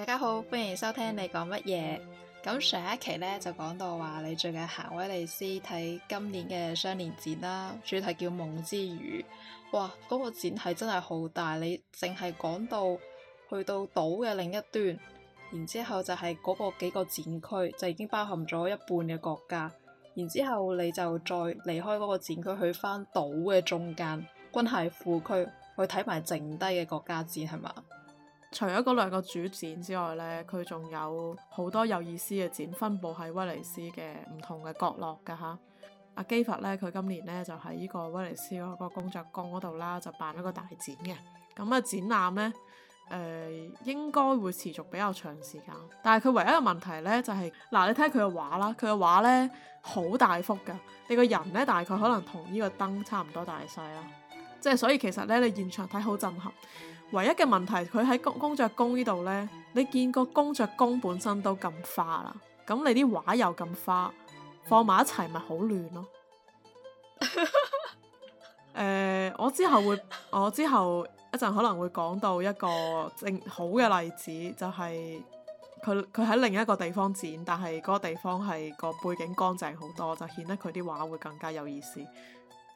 大家好，歡迎收聽你講乜嘢？咁上一期呢就講到話你最近行威尼斯睇今年嘅雙年展啦，主題叫夢之乳。哇，嗰個展係真係好大，你淨係講到去到島嘅另一端，然之後就係嗰個幾個展區就已經包含咗一半嘅國家，然之後你就再離開嗰個展區去翻島嘅中間軍械庫區去睇埋剩低嘅國家展，係嘛？除咗嗰兩個主展之外呢，佢仲有好多有意思嘅展，分布喺威尼斯嘅唔同嘅角落噶。吓，阿基佛呢，佢今年呢就喺呢個威尼斯嗰個公爵宮嗰度啦，就辦一個大展嘅。咁啊，展覽呢，誒、呃、應該會持續比較長時間。但係佢唯一嘅問題呢，就係、是、嗱，你睇佢嘅畫啦，佢嘅畫呢好大幅噶，你個人呢，大概可能同呢個燈差唔多大細啦。即係所以其實呢，你現場睇好震撼。唯一嘅問題，佢喺公公爵宮呢度呢，你見個公爵宮本身都咁花啦，咁你啲畫又咁花，放埋一齊咪好亂咯。誒、 呃，我之後會，我之後一陣可能會講到一個正好嘅例子，就係佢佢喺另一個地方剪，但係嗰個地方係個背景乾淨好多，就顯得佢啲畫會更加有意思。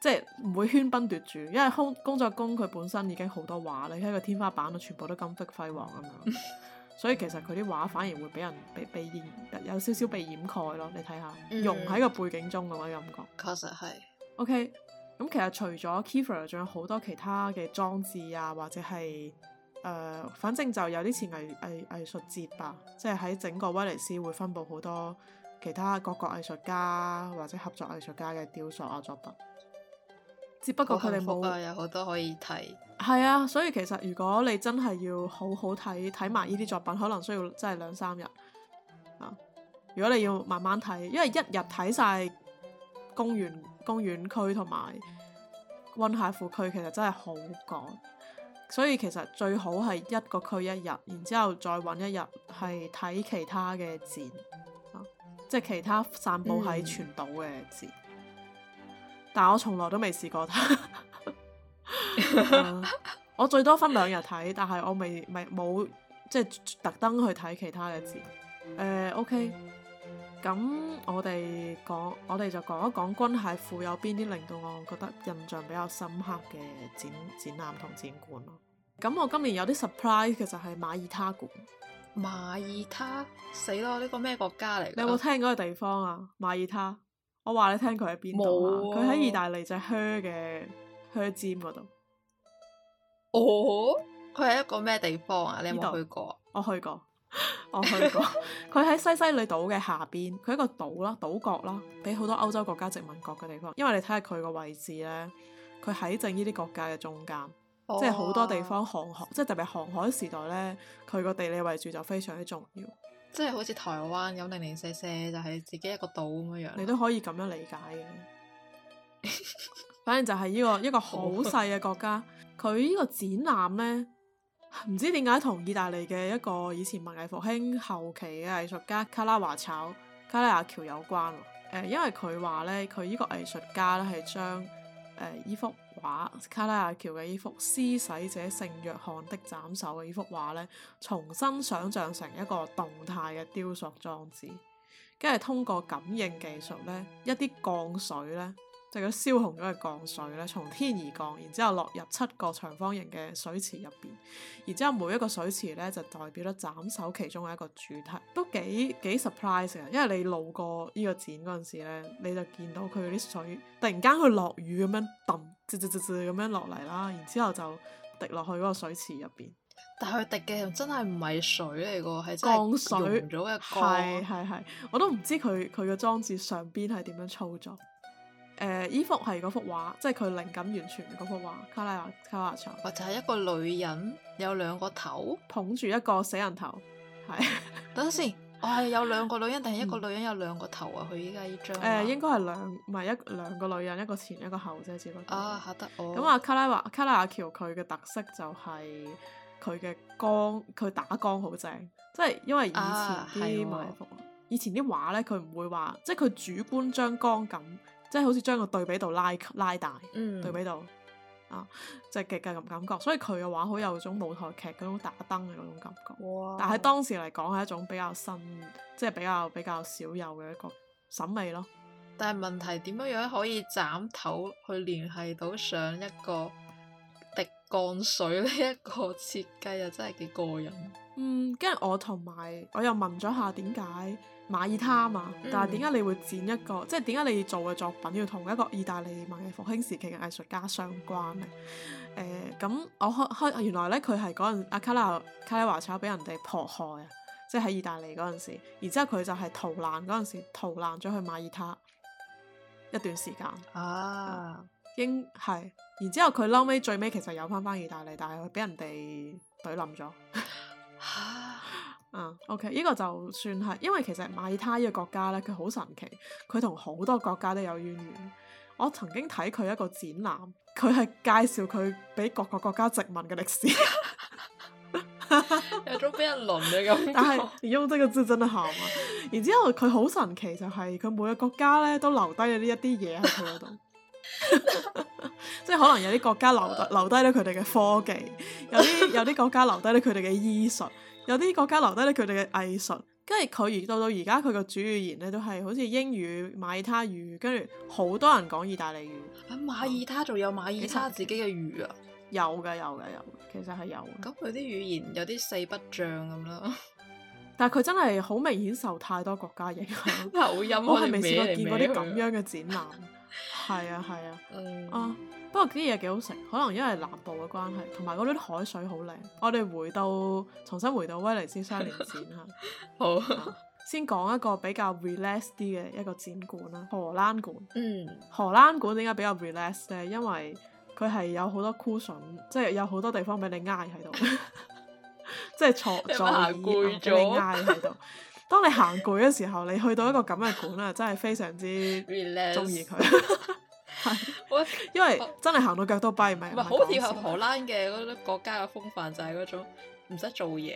即係唔會喧賓奪主，因為空工作工佢本身已經好多畫，你睇個天花板都全部都金碧輝煌啊嘛。 所以其實佢啲畫反而會俾人被被掩有少少被掩蓋咯。你睇下融喺個背景中嘅話感覺，確實係 OK。咁其實除咗 Kiefer，仲有好多其他嘅裝置啊，或者係誒、呃，反正就有啲似藝藝藝術節吧。即係喺整個威尼斯會分佈好多其他各國藝術家或者合作藝術家嘅雕塑啊作品。只不過佢哋冇，有好多可以睇。係啊，所以其實如果你真係要好好睇睇埋呢啲作品，可能需要真係兩三日、啊、如果你要慢慢睇，因為一日睇晒公園公園區同埋軍械庫區，其實真係好趕，所以其實最好係一個區一日，然之後再揾一日係睇其他嘅展、啊、即係其他散佈喺全島嘅展。嗯但我從來都未試過他、 呃、 我最多分兩日睇，但係我未未冇即係特登去睇其他嘅展。誒、呃、OK，咁我哋講，我哋就講一講軍械庫有邊啲令到我覺得印象比較深刻嘅展展覽同展館咯。咁我今年有啲 surprise，其實係馬耳他館。馬耳他死咯！呢個咩國家嚟？你有冇聽嗰個地方啊？馬耳他。我話你聽佢喺邊度啊？佢喺有意大利隻靴嘅靴尖嗰度。哦，佢係一個咩地方啊？你有冇去過？我去過， 我去過。佢 喺西西里島嘅下邊，佢係一個島啦，島國啦，俾好多歐洲國家殖民過嘅地方。因為你睇下佢個位置呢，佢喺正呢啲國家嘅中間，即係好多地方航海，即係特別係航海時代呢，佢個地理位置就非常之重要。即係好似台灣咁零零舍舍， 就係自己一個島咁樣樣。你都可以咁樣理解嘅。 反正就係依個一個好細嘅國家。佢呢 個展覽呢，唔知點解同意大利嘅一個以前文藝復興後期嘅藝術家卡拉華炒，卡拉雅喬有關。呃，因為佢話呢，佢呢個藝術家呢，係將誒依幅。呃畫卡拉瓦喬嘅呢幅《施洗者聖約翰的斬首》嘅呢幅畫呢，重新想象成一個動態嘅雕塑裝置，跟住通過感應技術呢，一啲降水呢。就個燒紅咗嘅鋼水咧，從天而降，然之後落入七個長方形嘅水池入邊，然之後每一個水池咧就代表咗斬首其中嘅一個主題，都幾幾 surprise 啊！因為你路過呢個展嗰陣時咧，你就見到佢啲水突然間佢落雨咁樣，噔，直直直直咁樣落嚟啦，然之後就滴落去嗰個水池入邊。但係佢滴嘅又真係唔係水嚟噶，係鋼水融咗嘅鋼。係係係，我都唔知佢佢個裝置上邊係點樣操作。誒、依，、呃、幅係嗰幅畫，即係佢靈感完全嗰幅畫。卡拉瓦卡拉瓦喬，或者係一個女人有兩個頭，捧住一個死人頭。係等陣先，我、哦、係有兩個女人，定係一個女人有兩個頭啊？佢依家呢張誒、呃，應該係兩唔係一兩個女人，一個前一個後啫，只不過啊，吓得我咁、哦、啊。卡拉瓦卡拉瓦喬佢嘅特色就係佢嘅光，佢打光好正，即係因為以前啲畫,、啊哦、畫，以前啲畫呢，佢唔會話，即係佢主觀將光感。即係好似將個對比度拉拉大，嗯、對比度啊，即係極嘅咁感覺。所以佢嘅畫好有種舞台劇嗰種打燈嘅嗰種感覺。哇但係喺當時嚟講係一種比較新，即係比較比較少有嘅一個審美咯。但係問題，點樣樣可以斬頭去聯繫到上一個滴鋼水呢一個設計又、啊、真係幾過癮。嗯，跟住我同埋我又問咗下點解。馬耳他嘛，但係點解你會剪一個？即係點解你做嘅作品要同一個意大利文藝復興時期嘅藝術家相關咧？誒、uh,，咁我開開原來咧，佢係嗰陣阿卡拉卡拉瓦喬俾人哋迫害啊，即係喺意大利嗰陣時，然之後佢就係逃難嗰陣時逃難咗去馬耳他一段時間啊，應係、uh,，然之後佢後尾最尾其實有翻翻意大利，但係佢俾人哋隊冧咗。 啊、uh,，OK，呢個就算係，因為其實馬耳他呢個國家咧，佢好神奇，佢同好多國家都有淵源。我曾經睇佢一個展覽，佢係介紹佢俾各個國家殖民嘅歷史，有種俾人輪你咁。但係用得個字真係鹹啊！ 然之後佢好神奇，就是，就係佢每個國家咧都留低咗呢一啲嘢喺佢嗰度，即係可能有啲國家留留低咗佢哋嘅科技，有啲有啲國家留低咗佢哋嘅醫術。有啲國家留低咧佢哋嘅藝術，跟住佢而到到而家佢個主語言咧都係好似英語、馬耳他語，跟住好多人講意大利語。啊，馬耳他仲有馬耳他自己嘅語啊？有㗎有㗎有，其實係有。咁佢啲語言有啲四不像咁咯，但係佢真係好明顯受太多國家影響。口音我係未試過歪歪見過啲咁樣嘅展覽。 係啊係啊，啊不過啲嘢幾好食，可能因為南部嘅關係，同埋嗰啲海水好靚。我哋回到重新回到威尼斯雙年展吓， 好，啊啊，先講一個比較 relax 啲嘅一個展館啦，荷蘭館。嗯，荷蘭館點解比較 relax 咧？因為佢係有好多 cushion，即係有好多地方俾你挨喺度， 即係坐座椅俾你挨喺度。當你行攰嘅時候，你去到一個咁嘅館啊， 真係非常之中意佢，係，Relax. 因為真係行到腳都跛，唔係好貼合荷蘭嘅嗰種國家嘅風範，就係嗰種唔使做嘢，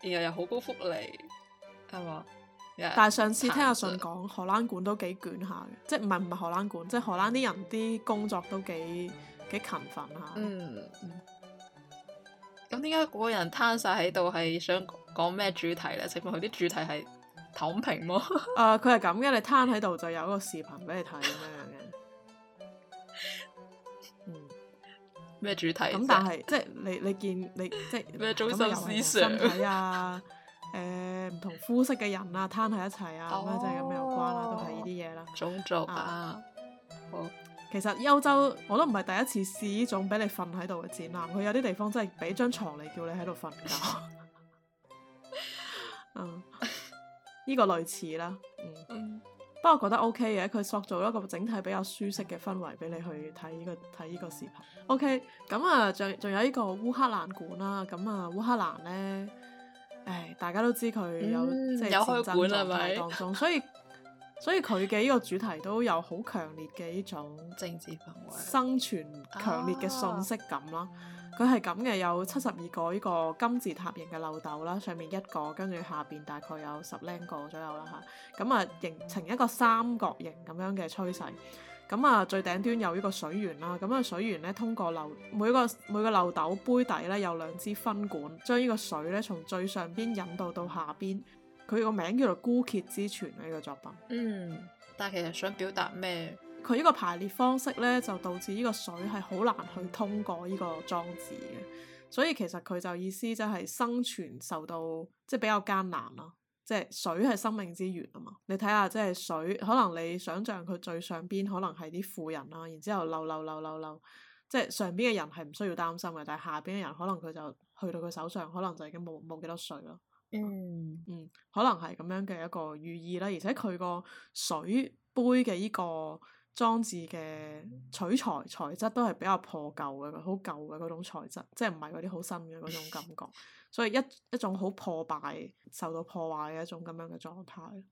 然後又好高福利，係嘛？但係上次聽阿順講荷蘭館都幾卷下嘅，即係唔係唔係荷蘭館，即係荷蘭啲人啲工作都幾幾勤奮下。嗯，咁點解個人攤晒喺度係想？講咩主題咧？請問佢啲主題係躺平麼？誒、喔，佢係咁嘅，你攤喺度就有個視頻俾你睇咁樣樣嘅。 嗯，咩主題？咁但係 即係你你見你即係咩中心思想啊？誒、 嗯，唔同膚色嘅人啊，攤喺一齊啊，咁啊、哦，真係咁樣有關、啊、啦，都係呢啲嘢啦。種族啊，啊好。其實歐洲我都唔係第一次試呢種俾你瞓喺度嘅展覽，佢有啲地方真係俾張床嚟叫你喺度瞓覺。 嗯，依 個類似啦，嗯，不過 我覺得 O K 嘅，佢塑造一個整體比較舒適嘅氛圍俾你去睇、依個睇依個視頻。O K，咁啊，仲仲有依個烏克蘭館啦，咁啊烏克蘭咧，誒，大家都知佢有即係、嗯、戰爭狀態當中，所以所以佢嘅依個主題都有好強烈嘅依種政治氛圍、生存強烈嘅信息感啦。啊佢係咁嘅，有七十二個呢個金字塔形嘅漏斗啦，上面一個，跟住下邊大概有十零個左右啦吓，咁啊，形成一個三角形咁樣嘅趨勢。咁啊，最頂端有呢個水源啦。咁啊，水源咧通過漏每個每個漏斗杯底咧有兩支分管，將呢個水咧從最上邊引導到下邊。佢個名叫做枯竭之泉呢個作品。嗯，但係其實想表達咩？佢呢個排列方式呢，就導致呢個水係好難去通過呢個裝置嘅，所以其實佢就意思就係生存受到即係比較艱難咯。即係水係生命之源啊嘛，你睇下即係水，可能你想象佢最上邊可能係啲富人啦，然之後漏漏漏漏漏，即係上邊嘅人係唔需要擔心嘅，但係下邊嘅人可能佢就去到佢手上，可能就已經冇冇幾多水咯。嗯嗯，可能係咁樣嘅一個寓意啦，而且佢個水杯嘅呢個。裝置嘅取材材質都係比較破舊嘅，好舊嘅嗰種材質，即係唔係嗰啲好新嘅嗰種感覺， 所以一一種好破敗、受到破壞嘅一種咁樣嘅狀態。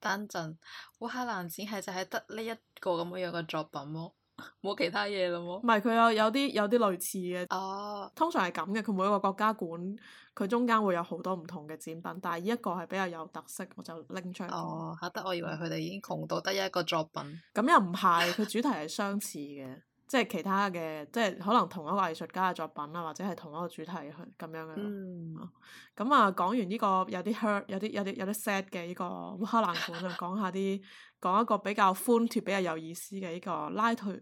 等陣，烏克蘭展係就係得呢一個咁樣嘅作品麼？冇其他嘢啦，冇。唔係，佢有有啲有啲類似嘅。哦、啊，通常係咁嘅，佢每一個國家館佢中間會有好多唔同嘅展品，但係呢一個係比較有特色，我就拎出嚟。哦、啊，吓得我以為佢哋已經窮到得一個作品。咁又唔係，佢主題係相似嘅。 即係其他嘅，即係可能同一個藝術家嘅作品啦，或者係同一個主題咁樣嘅咯。咁啊、mm. 嗯嗯，講完呢個有啲 hurt、有啲有啲有啲 sad 嘅呢、呢個烏克蘭館，就講一下啲 講一個比較寬闊、比較有意思嘅呢、呢個拉脱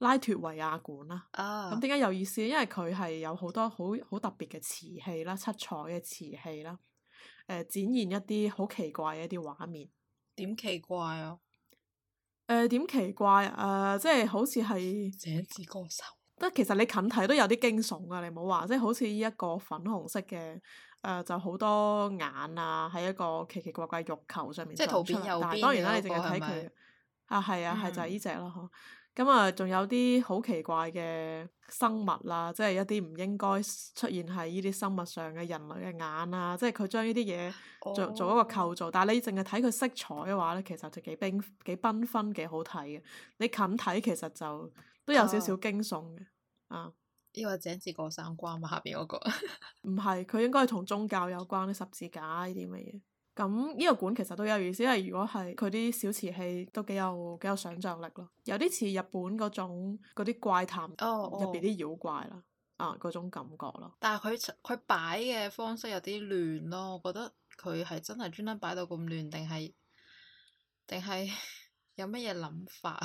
拉脱維亞館啦。咁點解有意思？因為佢係有好多好好特別嘅瓷器啦，七彩嘅瓷器啦，誒、呃，展現一啲好奇怪嘅一啲畫面。點奇怪啊？誒、呃，點奇怪啊、呃！即係好似係，寫字歌手。其實你近睇，都有啲驚悚㗎，你唔好話，即係好似呢一個粉紅色嘅，誒、呃，就好多眼啊，喺一個奇奇怪怪嘅肉球上面。即係圖片右邊啊，但當然啦，你淨係睇佢，係啊係，啊嗯、是就係呢隻咯嗬。啊咁啊，仲、嗯、有啲好奇怪嘅生物啦，即係一啲唔應該出現喺呢啲生物上嘅人類嘅眼啊，即係佢將呢啲嘢做、oh. 做一個構造。但係你淨係睇佢色彩嘅話咧，其實就幾冰幾繽紛幾好睇嘅。你近睇其實就都有少少驚悚嘅。Oh. 啊，呢個個井字過三關嘛，下邊嗰、那個唔係，佢 應該係同宗教有關啲十字架呢啲乜嘢。咁呢個館其實都有意思，因為如果係佢啲小瓷器都幾有幾有想像力咯，有啲似日本嗰種嗰啲怪談入邊啲妖怪啦，啊嗰、oh, oh. 嗯、種感覺咯。但係佢佢擺嘅方式有啲亂咯，我覺得佢係真係專登擺到咁亂，定係定係有乜嘢諗法？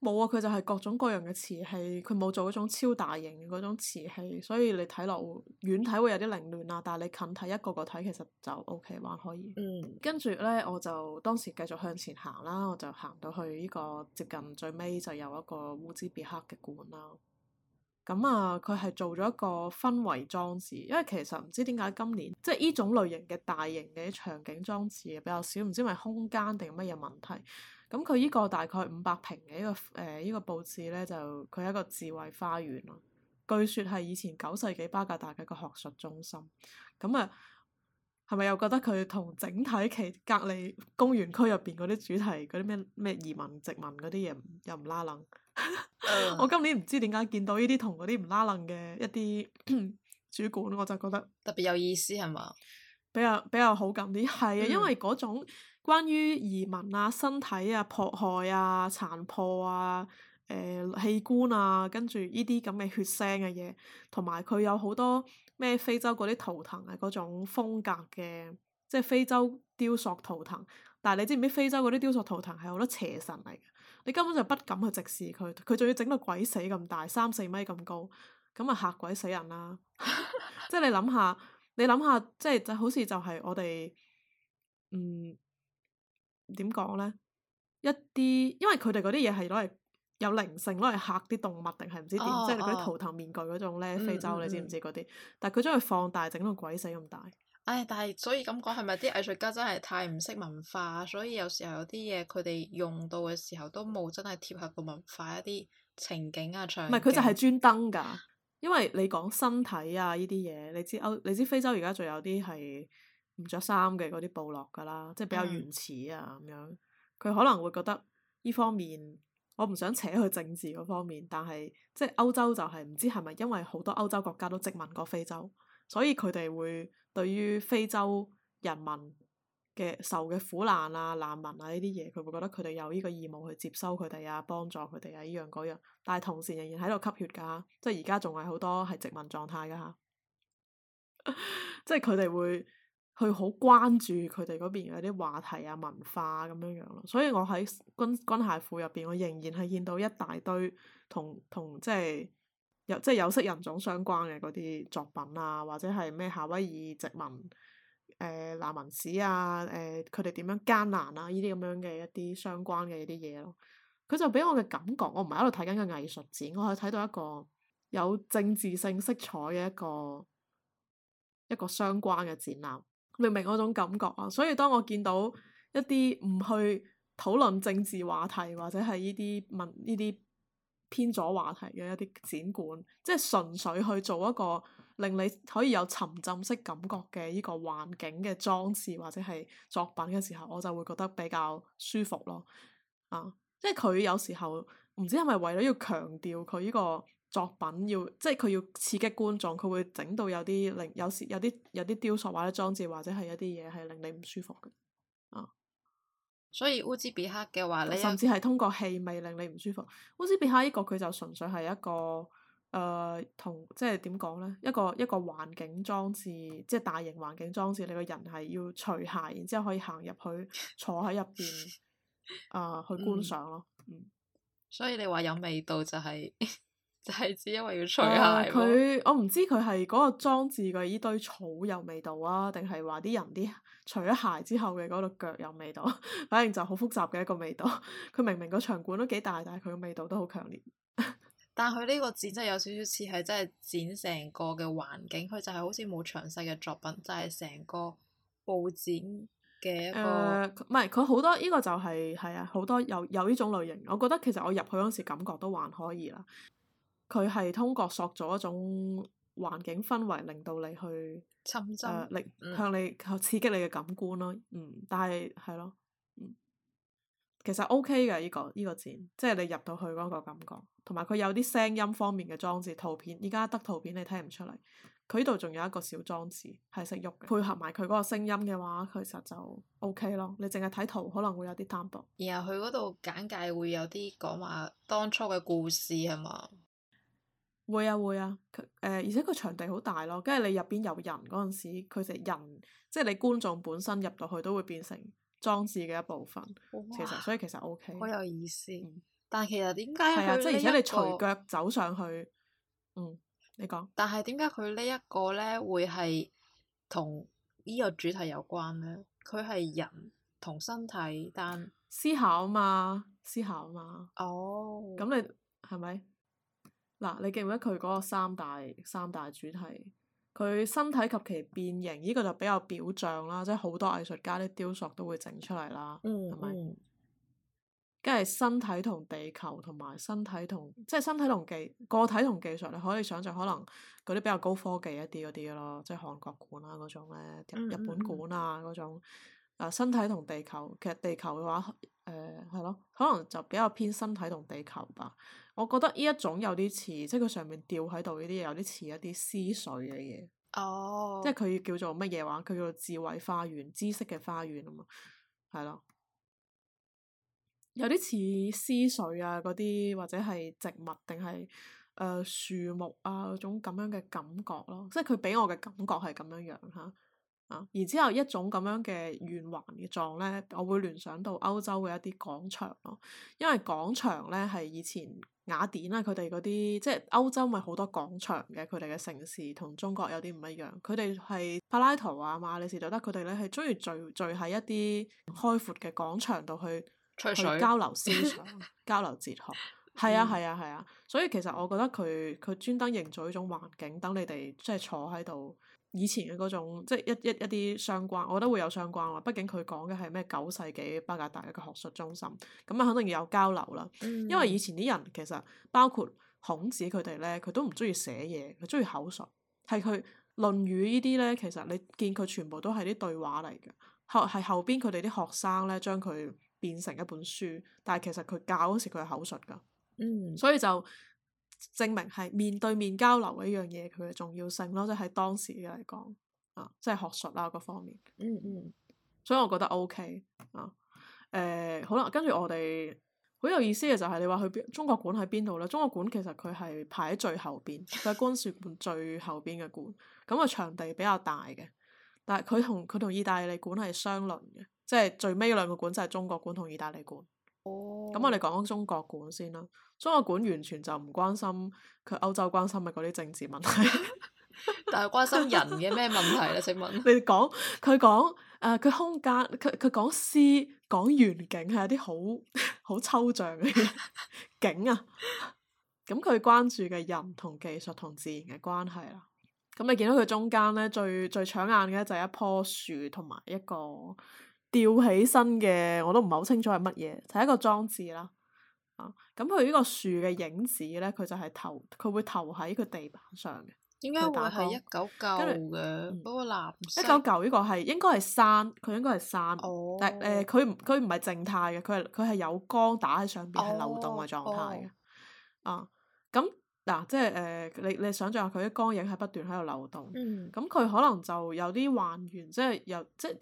冇啊，佢就係各種各樣嘅瓷器，佢冇做嗰種超大型嘅嗰種瓷器，所以你睇落遠睇會有啲凌亂啊。但係你近睇一個個睇其實就 OK，還可以。嗯。跟住呢，我就當時繼續向前行啦，我就行到去呢個接近最尾就有一個烏茲別克嘅館啦。咁啊，佢係做咗一個氛圍裝置，因為其實唔知點解今年即係呢種類型嘅大型嘅啲場景裝置比較少，唔知咪空間定乜嘢問題。咁佢呢個大概五百平嘅呢個誒依、呃、個佈置咧，就佢係一個智慧花園咯。據說係以前九世紀巴格達嘅一個學術中心。咁啊，係咪又覺得佢同整體其隔離公園區入邊嗰啲主題嗰啲咩咩移民殖民嗰啲嘢，又唔拉冷？ 嗯、我今年唔知點解見到呢啲同嗰啲唔拉冷嘅一啲 主管，我就覺得特別有意思係嘛？比較比較好感啲，係啊，因為嗰種。嗯關於移民啊、身體啊、迫害啊、殘破啊、誒、呃、器官啊，跟住呢啲咁嘅血腥嘅嘢，同埋佢有好多咩非洲嗰啲圖騰啊嗰種風格嘅，即係非洲雕塑圖騰。但係你知唔知非洲嗰啲雕塑圖騰係好多邪神嚟嘅，你根本就不敢去直視佢，佢仲要整到鬼死咁大，三四米咁高，咁啊嚇鬼死人啦！ 即係你諗下，你諗下，即係就好似就係我哋嗯。點講呢？一啲因為佢哋嗰啲嘢係攞嚟有靈性，攞嚟吓啲動物，定係唔知點？哦、即係嗰啲圖騰面具嗰種呢，嗯、非洲你知唔知嗰啲？嗯、但係佢將佢放大，整到鬼死咁大。唉、哎，但係所以咁講，係咪啲藝術家真係太唔識文化？所以有時候有啲嘢佢哋用到嘅時候，都冇真係貼合個文化一啲情景啊，場景。唔係，佢就係專登噶。因為你講身體啊呢啲嘢，你知歐，你知非洲而家仲有啲係。唔着衫嘅嗰啲部落噶啦，即係比較原始啊咁、嗯、樣。佢可能會覺得呢方面，我唔想扯去政治嗰方面。但係即係歐洲就係、係、唔知係咪因為好多歐洲國家都殖民過非洲，所以佢哋會對於非洲人民嘅受嘅苦難啊、難民啊呢啲嘢，佢會覺得佢哋有呢個義務去接收佢哋啊、幫助佢哋啊呢樣嗰樣。但係同時仍然喺度吸血噶，即係而家仲係好多係殖民狀態噶吓，即係佢哋會。佢好關注佢哋嗰邊嘅啲話題啊、文化咁樣樣咯，所以我喺軍軍械庫入邊，我仍然係見到一大堆同同即係有即係、就是、有色人種相關嘅嗰啲作品啊，或者係咩夏威夷殖民誒難民史啊誒，佢哋點樣艱難啊呢啲咁樣嘅一啲相關嘅啲嘢咯。佢就俾我嘅感覺，我唔係喺度睇緊嘅藝術展，我係睇到一個有政治性色彩嘅一個一個相關嘅展覽。明明嗰種感覺啊，所以當我見到一啲唔去討論政治話題或者係呢啲問呢啲偏左話題嘅一啲展館，即係純粹去做一個令你可以有沉浸式感覺嘅呢個環境嘅裝置或者係作品嘅時候，我就會覺得比較舒服咯。啊，即係佢有時候。唔知係咪為咗要強調佢呢個作品，要即係佢要刺激觀眾，佢會整到有啲令有時有啲有啲雕塑或者裝置，或者係有啲嘢係令你唔舒服嘅啊。所以烏茲別克嘅話你甚至係通過氣味令你唔舒服。烏茲別克呢個佢就純粹係一個誒、呃、同即係點講咧？一個一個環境裝置，即係大型環境裝置，你個人係要除鞋，然之後可以行入去 坐喺入邊啊去觀賞咯。嗯嗯所以你話有味道就係、係、 就係只因為要除鞋，佢、啊、我唔知佢係嗰個裝置嘅呢堆草有味道啊，定係話啲人啲除咗鞋之後嘅嗰度腳有味道， 反正就好複雜嘅一個味道。佢明明個場館都幾大，但係佢嘅味道都好強烈。 但係佢呢個剪真係有少少似係真係剪成個嘅環境，佢就係好似冇詳細嘅作品，就係、係、成個布展。誒，唔係佢好多呢、這個就係、是、係啊，好多有有呢種類型。我覺得其實我入去嗰時感覺都還可以啦。佢係通過塑造一種環境氛圍，令到你去沉浸，呃力嗯、向你佢刺激你嘅感官咯。嗯，但係係咯、嗯，其實 OK 嘅呢、這個依、這個展，即係你入到去嗰個感覺，同埋佢有啲聲音方面嘅裝置圖片。依家得圖片你聽唔出嚟。佢呢度仲有一個小裝置係識喐嘅。配合埋佢嗰個聲音嘅話，其實就 OK 咯。你淨係睇圖可能會有啲單薄。然後佢嗰度簡介會有啲講話當初嘅故事係嘛？會啊會啊，誒而且個場地好大咯，跟住你入邊有人嗰陣時，佢哋人即係你觀眾本身入到去都會變成裝置嘅一部分。哇其實所以其實 OK。好有意思，嗯。但係其實點解佢？係啊，即係而且你隨腳走上去，嗯。你講，但係點解佢呢一個咧會係同呢個主題有關咧？佢係人同身體，但思考啊嘛，思考啊嘛。哦。咁你係咪？嗱，你記唔記得佢嗰個三大三大主題？佢身體及其變形，呢個就比較表象啦，即係好多藝術家啲雕塑都會整出嚟啦，嗯，係咪？即係身體同地球，同埋身體同即係身體同技個體同技術，你可以想像，可能嗰啲比較高科技一啲嗰啲咯，即係韓國館啊嗰種呢，日本館啊嗰種。啊、嗯，身體同地球其實地球嘅話，誒係咯，可能就比較偏身體同地球吧。我覺得呢一種有啲似，即係佢上面吊喺度呢啲嘢，有啲似一啲思緒嘅嘢。哦。即係佢叫做乜嘢話？佢叫做智慧花園，知識嘅花園啊嘛。係咯。有啲似絲絮啊，嗰啲或者係植物定係誒樹木啊嗰種咁樣嘅感覺咯，即係佢俾我嘅感覺係咁樣樣嚇啊。然、啊、之後一種咁樣嘅圓環嘅狀呢，我會聯想到歐洲嘅一啲廣場咯。因為廣場呢係以前雅典啊，佢哋嗰啲即係歐洲咪好多廣場嘅，佢哋嘅城市同中國有啲唔一樣。佢哋係柏拉圖啊、亞里士多德佢哋呢係中意聚聚喺一啲開闊嘅廣場度去。去交流思想、 交流哲學。係 啊，係、嗯、啊，係啊，啊，所以其實我覺得佢佢專登營造呢種環境，等你哋即係坐喺度以前嘅嗰種，即係一一一啲相關，我覺得會有相關喎。畢竟佢講嘅係咩九世紀巴格達一個學術中心，咁啊肯定要有交流啦。嗯、因為以前啲人其實包括孔子佢哋呢，佢都唔中意寫嘢，佢中意口述。係佢《論語》呢啲呢，其實你見佢全部都係啲對話嚟嘅，後係後邊佢哋啲學生呢，將佢。變成一本書，但係其實佢教嗰時佢係口述噶，嗯，所以就證明係面對面交流嘅一樣嘢佢嘅重要性咯，即係喺當時嘅嚟講啊，即係學術啦嗰方面，嗯嗯，所以我覺得 OK 啊，誒好啦，跟住我哋好有意思嘅就係你話去邊中國館喺邊度咧？中國館其實佢係排喺最後邊，喺軍事館最後邊嘅館，咁個場地比較大嘅，但係佢同佢同意大利館係相鄰嘅。即係最尾兩個館就係中國館同意大利館。哦。咁我哋講講中國館先啦。中國館完全就唔關心佢歐洲關心嘅嗰啲政治問題， 但係關心人嘅咩問題咧？請問？你講佢講，誒佢空間佢佢講詩講遠景係一啲好好抽象嘅 景啊。咁佢關注嘅人同技術同自然嘅關係啦。咁你見到佢中間呢，最最搶眼嘅就係一棵樹同埋一個。吊起身嘅我都唔係好清楚係乜嘢，就係、是、一個裝置啦。啊，咁佢呢個樹嘅影子呢，佢就係投，佢會投喺佢地板上嘅。點解會係一九九嘅嗰個男。一九九呢個係應該係山，佢應該係山。Oh. 但係誒，佢佢唔係靜態嘅，佢係佢係有光打喺上邊，係流動嘅狀態嘅。啊，咁嗱，即係誒，你你想象下，佢啲光影係不斷喺度流動。Mm. 嗯。咁佢可能就有啲還原，即係有即。即即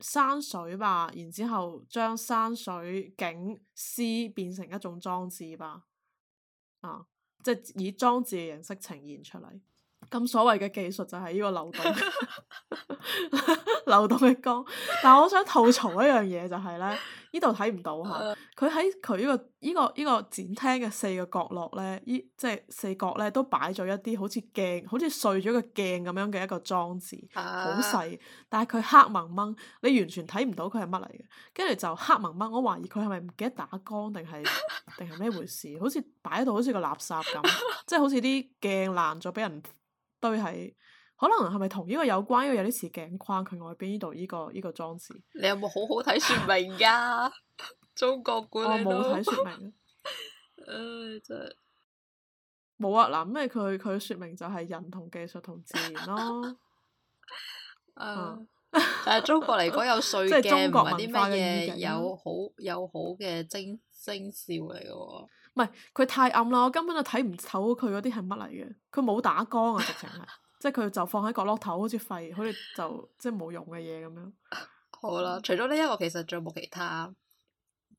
山水吧，然之後將山水景詩變成一種裝置吧，啊，即係以裝置嘅形式呈現出嚟。咁所謂嘅技術就係呢個流動 流動嘅光，但我想吐槽一樣嘢就係咧，呢度睇唔到啊！佢喺佢呢個呢個呢個展廳嘅四個角落咧，依即係四角咧都擺咗一啲好似鏡，好似碎咗個鏡咁樣嘅一個裝置，好細，但係佢黑濛濛，你完全睇唔到佢係乜嚟嘅。跟住就黑濛濛，我懷疑佢係咪唔記得打光定係定係咩回事？好似擺喺度好似個垃圾咁，即係 好似啲鏡爛咗俾人。堆喺，可能係咪同呢個有關？因為有啲似鏡框，佢外邊呢度呢個依、這個裝置。你有冇好好睇說明噶？ 中國館我冇睇說明。唉、 哎，真係。冇啊，嗱咩佢佢說明就係人同技術同自然咯。但係中國嚟講有稅嘅，唔係啲咩嘢有好有好嘅徵徵兆嚟嘅喎。唔係，佢太暗啦，我根本就睇唔透佢嗰啲係乜嚟嘅。佢冇打光啊，直情係，即係佢就放喺角落頭，好似廢，好似就即係冇用嘅嘢咁樣。好啦，除咗呢一個，其實仲冇其他，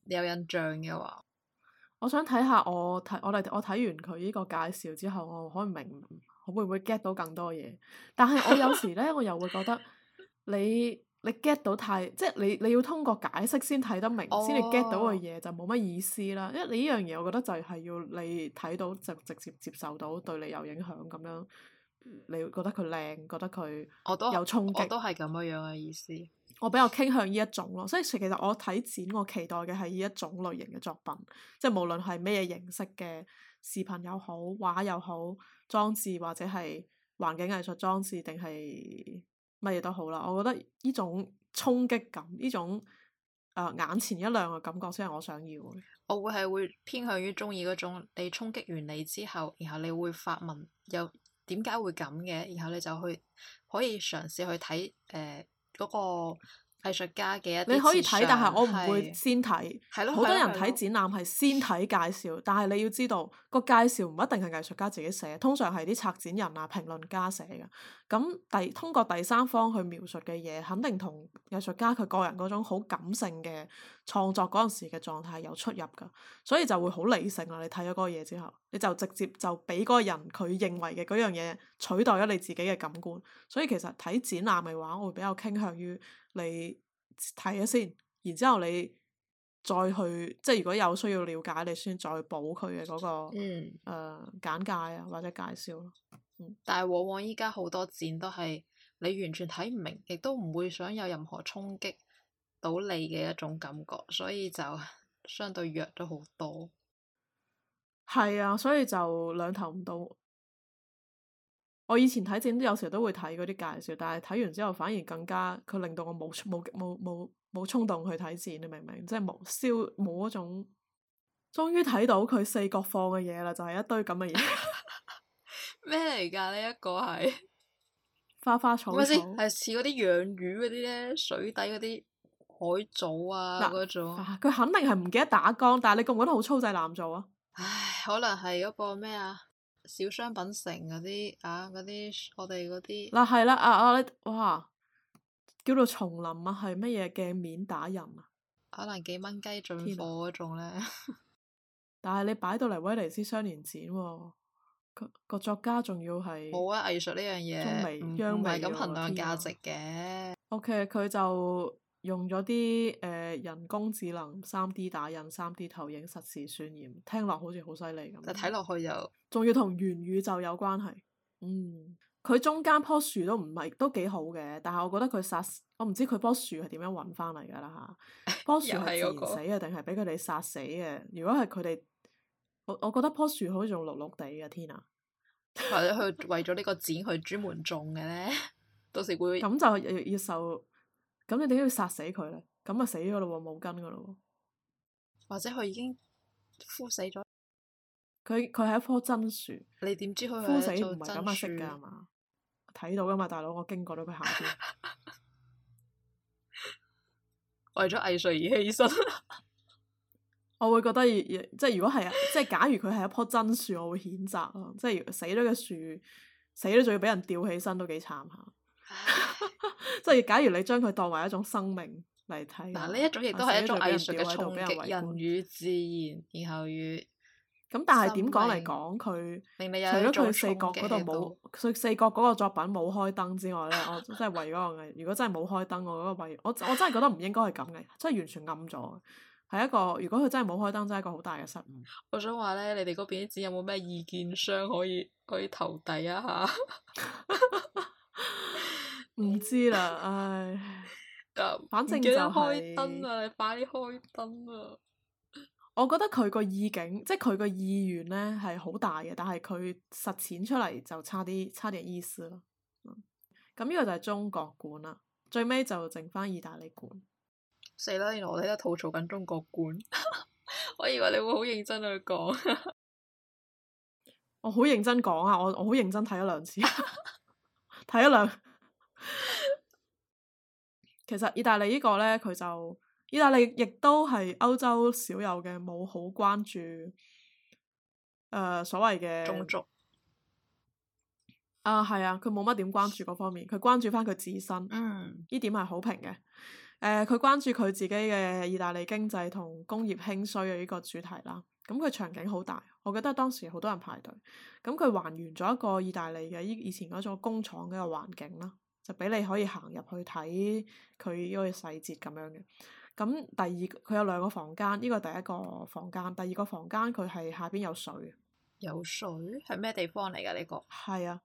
你有印象嘅話， 我想睇下我睇我嚟我睇完佢呢個介紹之後，我可唔可以明我會唔會 get 到更多嘢？但係我有時咧，我又會覺得 你。你 get 到太即係你你要通過解釋先睇得明，先你 get 到嘅嘢就冇乜意思啦。因為你呢樣嘢，我覺得就係要你睇到就直接接受到，對你有影響咁樣，你會覺得佢靚，覺得佢有衝擊，都係咁嘅樣嘅意思。我比較傾向呢一種咯，所以其實我睇展我期待嘅係呢一種類型嘅作品，即係無論係咩形式嘅視頻又好，畫又好，裝置或者係環境藝術裝置定係，乜嘢都好啦，我覺得呢種衝擊感，呢種誒、呃、眼前一亮嘅感覺先係我想要嘅。我會係會偏向於鍾意嗰種，你衝擊完你之後，然後你會發問，又點解會咁嘅，然後你就去可以嘗試去睇誒嗰個藝術家嘅一啲介紹，你可以睇，但係我唔會先睇。好多人睇展覽係先睇介紹，但係你要知道，個介紹唔一定係藝術家自己寫，通常係啲策展人啊、評論家寫嘅。咁第通過第三方去描述嘅嘢，肯定同藝術家佢個人嗰種好感性嘅創作嗰陣時嘅狀態有出入㗎，所以就會好理性啦。你睇咗嗰個嘢之後，你就直接就俾嗰個人佢認為嘅嗰樣嘢取代咗你自己嘅感官。所以其實睇展覽嘅話，我會比較傾向於。你睇咗先，然之後你再去即係如果有需要了解，你先再補佢嘅嗰個誒、嗯呃、簡介啊或者介紹咯。嗯、但係往往依家好多展都係你完全睇唔明，亦都唔會想有任何衝擊到你嘅一種感覺，所以就相對弱咗好多。係、嗯、啊，所以就兩頭唔到。我以前睇展都有時候都會睇嗰啲介紹，但係睇完之後反而更加佢令到我冇冇冇冇冇衝動去睇展，你明唔明？即係冇消冇嗰種，終於睇到佢四角放嘅嘢啦，就係、是、一堆咁嘅嘢。咩嚟噶？呢、這、一個係花花草草，係似嗰啲養魚嗰啲咧，水底嗰啲海藻啊佢嗰種、啊、肯定係唔記得打光，但係你覺唔覺得好粗製濫造啊？唉，可能係嗰個咩啊？小商品城嗰啲啊，嗰啲我哋嗰啲嗱係啦啊啊，啊！哇，叫做叢林啊，係乜嘢鏡面打印啊？可能幾蚊雞進貨嗰種咧。但係你擺到嚟威尼斯雙年展喎、啊，那個作家仲要係。冇啊！藝術呢樣嘢仲未，唔係咁衡量價值嘅。O K，佢就。用咗啲誒人工智能、三 D 打印、三 D 投影、實時渲染，聽落好似好犀利咁。但睇落去又，仲要同元宇宙有關係。嗯，佢中間樖樹都唔係都幾好嘅，但係我覺得佢殺，我唔知佢樖樹係點樣揾翻嚟㗎啦嚇。樖樹係、啊、 自然死嘅，定係俾佢哋殺死嘅？如果係佢哋，我我覺得樖樹好似仲綠綠地嘅，天啊！係佢 為咗呢個展，佢專門種嘅咧。到時會咁就日要，要受。咁你點解要殺死佢咧？咁啊死咗咯喎，冇根噶咯喎，或者佢已經枯死咗。佢佢係一棵真樹。你點知佢枯死唔係咁啊？識噶係嘛？睇到噶嘛，大佬，我經過咗佢下邊。 為咗藝術而犧牲。 我會覺得，即係如果係，即係假如佢係一棵真樹，我會譴責咯。即係死咗嘅樹，死咗仲要俾人吊起身，都幾慘下。 即係假如你將佢當為一種生命嚟睇，嗱，呢一種亦都係一種藝術嘅創作，人與自然，然後與咁。但係點講嚟講佢，除咗佢四角嗰度冇，四四角嗰個作品冇開燈之外咧， 我真係為嗰個，如果真係冇開燈，我嗰個位，我我真係覺得唔應該係咁嘅，真係完全暗咗。係一個，如果佢真係冇開燈，真係一個好大嘅失誤。我想話咧，你哋嗰邊啲展有冇咩意見箱可以可以投遞一下？唔知啦，唉，但反正就係、是。唔記得開燈啊！你快啲開燈啊！我覺得佢個意境，即係佢個意願咧，係好大嘅，但係佢實踐出嚟就差啲，差啲意思咯。咁、嗯、呢個就係中國館啦，最尾就剩翻意大利館。死啦！原來我哋喺度吐槽緊中國館， 我以為你會好認真去講。 我好認真講啊！我我好認真睇咗兩次，睇咗 兩。 其實意大利呢個呢，佢就意大利亦都係歐洲少有嘅冇好關注、呃、所謂嘅種族啊，係啊，佢冇乜點關注嗰方面，佢關注翻佢自身。呢、嗯、點係好評嘅。佢、呃、關注佢自己嘅意大利經濟同工業興衰嘅呢個主題啦。咁、嗯、佢場景好大，我記得當時好多人排隊。咁、嗯、佢還原咗一個意大利嘅以前嗰種工廠嘅環境啦。就俾你可以行入去睇佢呢個細節咁樣嘅。咁第二佢有兩個房間，呢個第一個房間，第二個房間佢係下邊有水。有水係咩地方嚟㗎？呢個？係啊，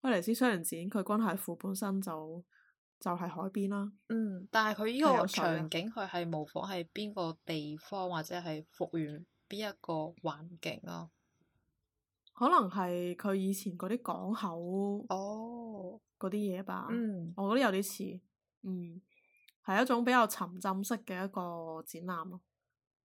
威尼斯雙年展佢軍械庫本身就就係、是、海邊啦。嗯，但係佢呢個場景佢係模仿係邊個地方或者係復原邊一個環境啊？可能係佢以前嗰啲港口，哦，嗰啲嘢吧。Mm. 我覺得有啲似，嗯，係一種比較沉浸式嘅一個展覽咯。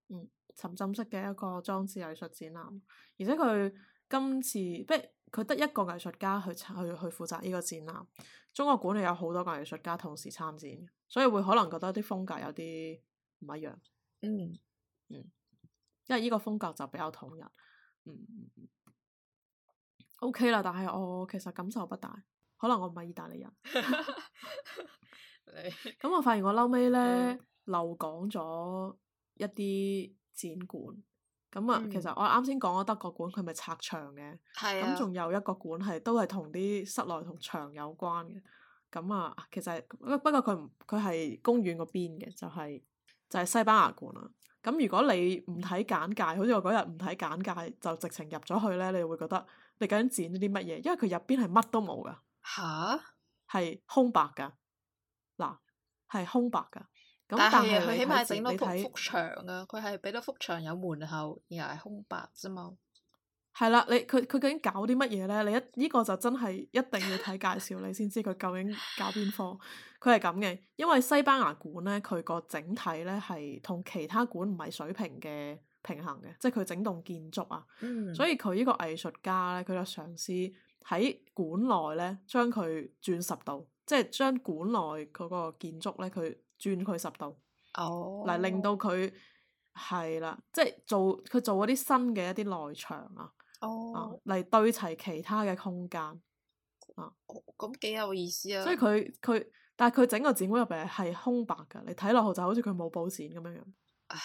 嗯、mm.，沉浸式嘅一個裝置藝術展覽，而且佢今次，即係佢得一個藝術家去去去負責呢個展覽，中國館裏有好多個藝術家同時參展，所以會可能覺得啲風格有啲唔一樣。嗯，嗯，因為呢個風格就比較統一。嗯、mm.。O K 啦，但係我其實感受不大，可能我唔係意大利人。咁 我發現我嬲尾呢，漏講咗一啲展館，咁啊，其實我啱先講咗德國館，佢咪拆牆嘅，咁仲有一個館係都係同啲室內同牆有關嘅，咁啊，其實不過佢唔佢係公園嗰邊嘅，就係、是、就係、是、西班牙館啦。咁如果你唔睇簡介，好似我嗰日唔睇簡介，就直情入咗去呢，你會覺得。你究竟剪咗啲乜嘢？因為佢入邊係乜都冇噶，吓哈？係空白噶，嗱，係空白噶。咁但係是佢是起碼整到看幅幅牆啊，佢係俾到幅牆有門口，然後係空白啫嘛。係啦、啊，你佢佢究竟搞啲乜嘢呢？你一呢、這個就真係一定要睇介紹，你先知佢究竟搞邊科。佢係咁嘅，因為西班牙館呢，佢個整體呢係同其他館唔係水平嘅。平衡嘅，即係佢整棟建築啊，嗯、所以佢呢個藝術家呢，佢就嘗試喺館內呢將佢轉十度，即係將館內嗰個建築呢，佢轉佢十度，嚟、哦、令到佢係啦，即係做佢做嗰啲新嘅一啲內牆啊，嚟、哦啊、對齊其他嘅空間啊，咁、哦、幾有意思啊！所以佢佢，但係佢整個展館入邊係空白嘅，你睇落去就好似佢冇布展咁樣樣。唉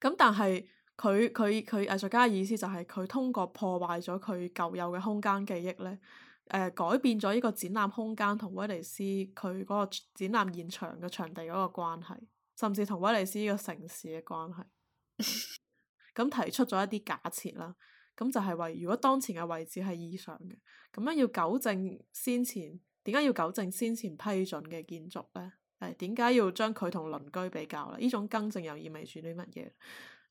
咁但係佢佢佢藝術家嘅意思就係佢通過破壞咗佢舊有嘅空間記憶呢誒、呃、改變咗呢個展覽空間同威尼斯佢嗰個展覽現場嘅場地嗰個關係，甚至同威尼斯呢個城市嘅關係，咁 提出咗一啲假設啦，咁就係話如果當前嘅位置係異常嘅，咁樣要糾正先前，點解要糾正先前批准嘅建築呢？點解要將佢同鄰居比較咧？呢種更正又意味住啲乜嘢？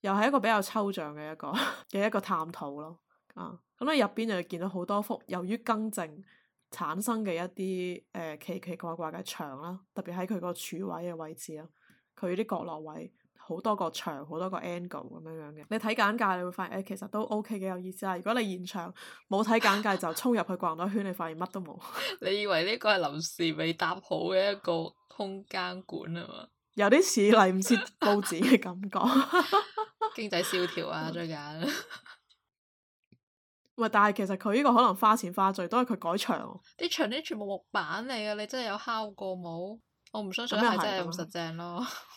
又係一個比較抽象嘅一個嘅 一個探討咯。咁你入邊就見到好多幅由於更正產生嘅一啲、呃、奇奇怪怪嘅牆啦，特別喺佢個柱位嘅位置啊，佢啲角落位好多個牆，好多個 angle 咁樣樣嘅。你睇簡介你會發現、欸、其實都 ok 幾有意思啊。如果你現場冇睇簡介就衝入去逛多一圈，你發現乜都冇。你以為呢個係臨時未搭好嘅一個？空間館啊嘛， 有啲似嚟唔似報紙嘅感覺。 經濟蕭條啊，最近喂， 但係其實佢呢個可能花錢花最，都係佢改牆。啲牆啲全部木板嚟嘅，你真係有敲過冇？我唔相信係真係。咁又實淨咯。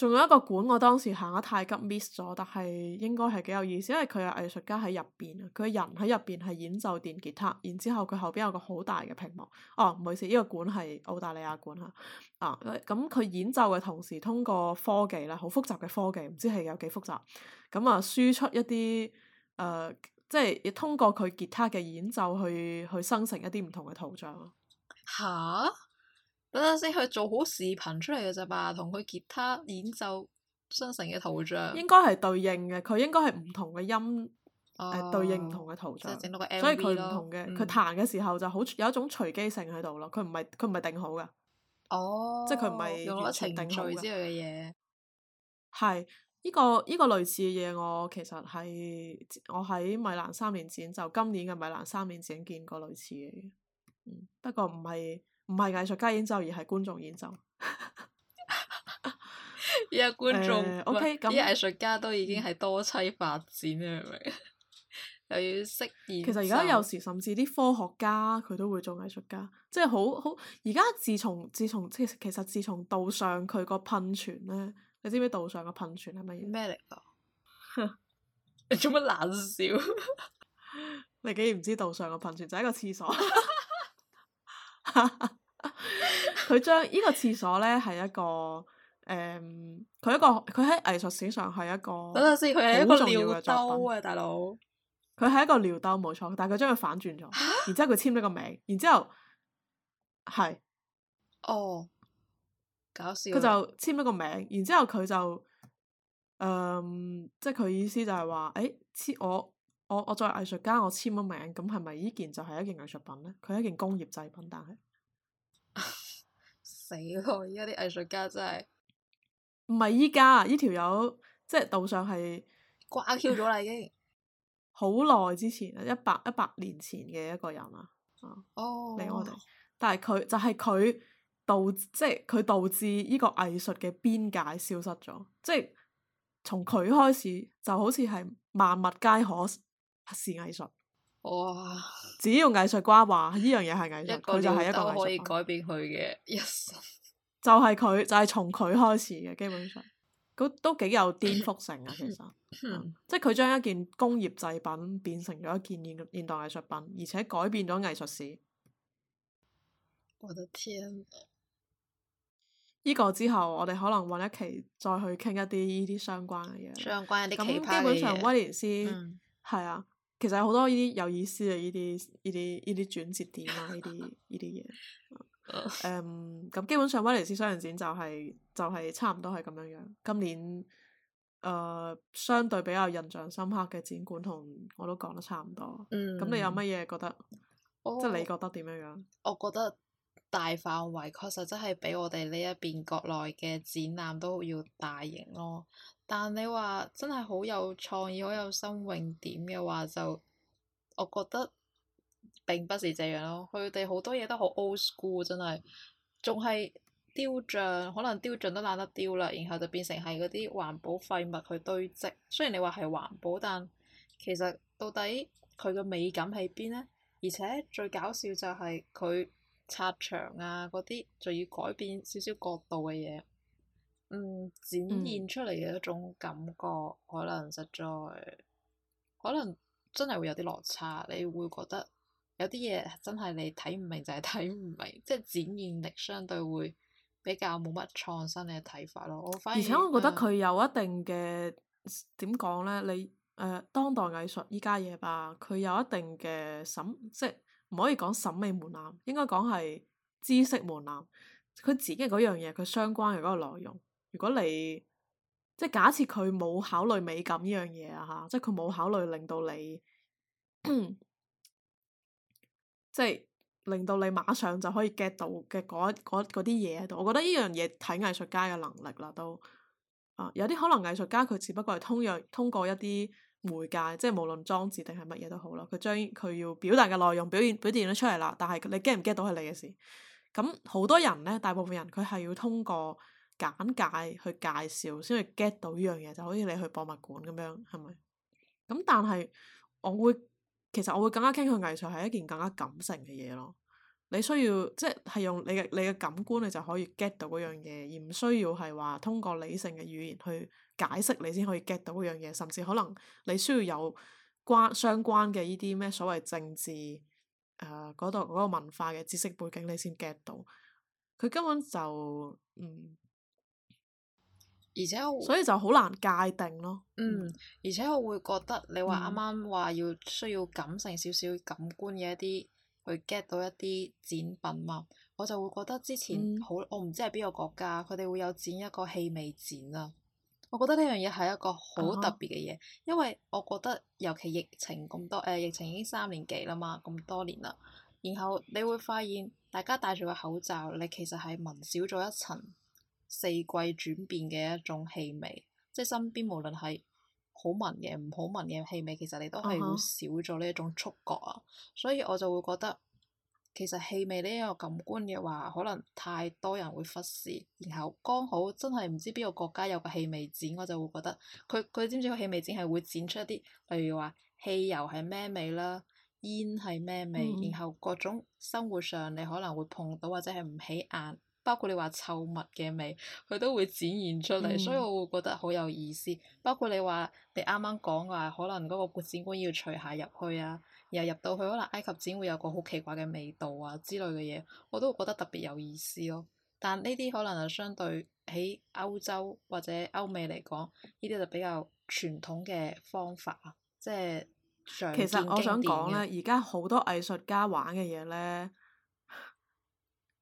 仲有一個館，我當時行得太急 miss 咗，但係應該係幾有意思，因為佢有藝術家喺入邊啊，佢人喺入邊係演奏電吉他，然之後佢後邊有個好大嘅屏幕。哦，唔好意思，呢、這個館係澳大利亞館嚇。啊，咁、嗯、佢、嗯、演奏嘅同時，通過科技啦，好複雜嘅科技，唔知係有幾複雜。咁、嗯、啊，輸出一啲誒、呃，即係要通過佢吉他嘅演奏去去生成一啲唔同嘅圖像。嚇！等陣先佢做好視頻出嚟嘅咋吧？同佢吉他演奏生成嘅圖像，應該係對應嘅。佢應該係唔同嘅音誒、oh, 呃，對應唔同嘅圖像，所以佢唔同嘅，佢、嗯、彈嘅時候就好有一種隨機性喺度咯。佢唔係佢唔係定好㗎，哦，oh, 即係佢唔係完全定好嘅之類嘅嘢。係呢、這個呢、這個類似嘅嘢，我其實係我喺米蘭三年展就今年嘅米蘭三年展見過類似嘅嘢，嗯、不過唔係。唔係藝術家演奏，而係觀眾演奏。而 家 觀眾啲、欸 okay, 藝術家都已經係多妻發展啦，明唔明？又 要適應。其實而家有時甚至啲科學家佢都會做藝術家，即係好好。而家自從自從，其實其實自從道上佢個噴泉呢，你知唔知道上個噴泉係咪？咩嚟㗎？ 你做乜冷笑？ 你竟然唔知道上個噴泉就係、是、一個廁所。 佢將 呢個廁所咧係一個，誒、嗯，佢一個佢喺藝術史上係一個，一個等陣先，佢係一個尿兜啊，大佬。佢係一個尿兜冇錯，但係佢將佢反轉咗， 然之後佢簽咗個名，然之後係，哦，搞笑。佢就簽咗個名，然之後佢就，誒、嗯，即係佢意思就係話，誒，我我我作為藝術家，我簽咗名，咁係咪呢件就係一件藝術品咧？佢係一件工業製品，但係。死咯！依家啲藝術家真係唔係依家啊，依條友即係杜尚係瓜 Q 咗啦，已經好耐之前啊，一百一百年前嘅一個人啊，哦，嚟我哋，但係佢就係、是、佢導即係佢導致呢個藝術嘅邊界消失咗，即係從佢開始就好似係萬物皆可是藝術。哇！只要藝術家話呢樣嘢係藝術，佢就係一個藝術就。就可以改變佢嘅就係佢，就係從佢開始嘅。基本上，都幾有顛覆性啊！其實， 嗯、即係佢將一件工業製品變成咗一件現代藝術品，而且改變咗藝術史。我的天呢、啊、依個之後，我哋可能揾一期再去傾一啲呢啲相關嘅嘢。相關一啲咁。基本上，威尼斯係啊。其實有好多呢啲有意思嘅，呢啲依啲依啲轉折點啊，呢啲依啲嘢。誒，咁、 um, 基本上威尼斯雙年展就係、是、就係、是、差唔多係咁樣樣。今年誒、呃、相對比較印象深刻嘅展館，同我都講得差唔多。嗯。咁你有乜嘢覺得？哦、即係你覺得點樣樣？我覺得。大範圍確實真係比我哋呢一邊國內嘅展覽都要大型咯，但你話真係好有創意、好有新穎點嘅話，就我覺得並不是這樣咯。佢哋好多嘢都好 old school，真係仲係雕像，可能雕像都懶得雕啦，然後就變成係嗰啲環保廢物去堆積。雖然你話係環保，但其實到底佢嘅美感喺邊呢？而且最搞笑就係佢。擦牆啊嗰啲就要改變少少角度嘅嘢，嗯，展現出嚟嘅一種感覺，嗯、可能實在，可能真係會有啲落差，你會覺得有啲嘢真係你睇唔明就係睇唔明，即係、嗯、展現力相對會比較冇乜創新嘅睇法咯。我反而而且我覺得佢有一定嘅點講咧，你誒、呃、當代藝術依家嘢吧，佢有一定嘅審即唔可以講審美門檻，應該講係知識門檻。佢自己嘅嗰樣嘢，佢相關嘅嗰個內容。如果你即係假設佢冇考慮美感呢樣嘢啊，嚇，即係佢冇考慮令到你，即係、 就是、令到你馬上就可以 get 到嘅嗰嗰嗰啲嘢。我覺得呢樣嘢睇藝術家嘅能力啦，都、啊、有啲可能藝術家佢只不過係通若通過一啲。媒介即係無論裝置定係乜嘢都好啦，佢將佢要表達嘅內容表現表現咗出嚟啦。但係你 get 唔 get 到係你嘅事。咁好多人呢，大部分人佢係要通過簡介去介紹先去 get 到呢樣嘢，就好似你去博物館咁樣，係咪？咁但係我會，其實我會更加傾向藝術係一件更加感性嘅嘢咯。你需要即係用你嘅你嘅感官，你就可以 get 到嗰樣嘢，而唔需要係話通過理性嘅語言去。解釋你先可以 get 到嗰樣嘢，甚至可能你需要有關相關嘅依啲咩所謂政治誒，嗰度嗰個文化嘅知識背景你，你先 get 到佢，根本就嗯，而且所以就好難界定咯。嗯，而且我會覺得你話啱啱話要需要感性、嗯、少少感官嘅一啲去 get 到一啲展品嘛，我就會覺得之前、嗯、好我唔知係邊個國家，佢哋會有展一個氣味展啊。我覺得呢樣嘢係一個好特別嘅嘢，uh huh. 因為我覺得尤其疫情咁多，誒、呃、疫情已經三年幾啦嘛，咁多年啦，然後你會發現大家戴住個口罩，你其實係聞少咗一層四季轉變嘅一種氣味，即係身邊無論係好聞嘅、唔好聞嘅氣味，其實你都係會少咗呢一種觸覺啊，uh huh. 所以我就會覺得。其實氣味呢一個感官嘅話，可能太多人會忽視，然後剛好真係唔知邊個國家有個氣味展，我就會覺得，佢佢知唔知個氣味展係會展出一啲，例如話汽油係咩味啦，煙係咩味，嗯，然後各種生活上你可能會碰到或者係唔起眼，包括你話臭物嘅味，佢都會展現出嚟，嗯、所以我會覺得好有意思。包括你話你啱啱講話，可能嗰個展館要除鞋入去啊，然後入到去可能埃及展會有個好奇怪嘅味道啊之類嘅嘢，我都會覺得特別有意思咯。但呢啲可能就相對喺歐洲或者歐美嚟講，呢啲就比較傳統嘅方法啊，即係其實我想講咧，而家好多藝術家玩嘅嘢咧。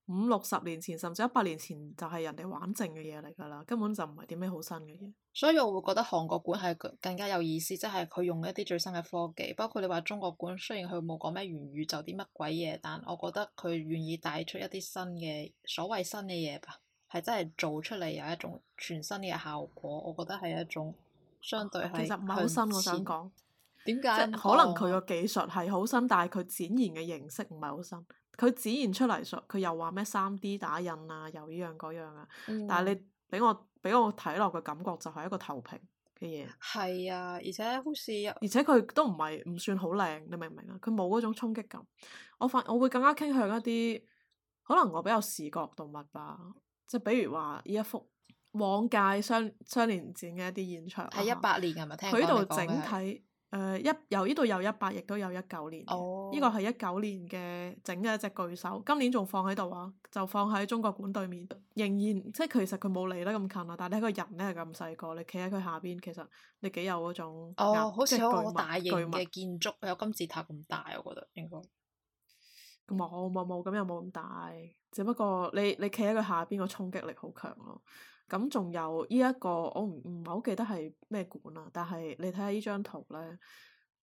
五六十年前甚至一百年前就係人哋玩剩嘅嘢嚟噶啦，根本就唔係啲咩好新嘅嘢。所以我會覺得韓國館係更加有意思，即係佢用一啲最新嘅科技。包括你話中國館，雖然佢冇講咩元宇宙就啲乜鬼嘢，但我覺得佢願意帶出一啲新嘅，所謂新嘅嘢吧，係真係做出嚟有一種全新嘅效果。我覺得係一種相對係其實唔係好新。我想講，點解？可能佢個技術係好新，但係佢展現嘅形式唔係好新。佢展現出嚟，佢又話咩三 D 打印啊，又依樣嗰樣啊。嗯、但係你俾我俾我睇落嘅感覺就係一個投屏嘅嘢。係啊，而且好似，而且佢都唔係唔算好靚，你明唔明啊？佢冇嗰種衝擊感。我發我會更加傾向一啲，可能我比較視覺動物吧，即係比如話呢一幅往屆雙雙年展嘅一啲現場。係一百年係咪佢度整體？誒、uh, 一由呢度有一八，亦都有一九年，呢個係一九年嘅整嘅一隻巨手，今年仲放喺度啊，就放喺中國館對面，仍然即係其實佢冇離得咁近啊，但係你個人呢，係咁細個，你企喺佢下邊，其實你幾有嗰種壓、oh, 巨物嘅建築，物有金字塔咁大，我覺得應該。冇冇冇，咁又冇咁大，只不過你你企喺佢下邊，個衝擊力好強咯。咁仲有呢一個，我唔唔係好記得係咩館啦，但係你睇下呢張圖咧，誒、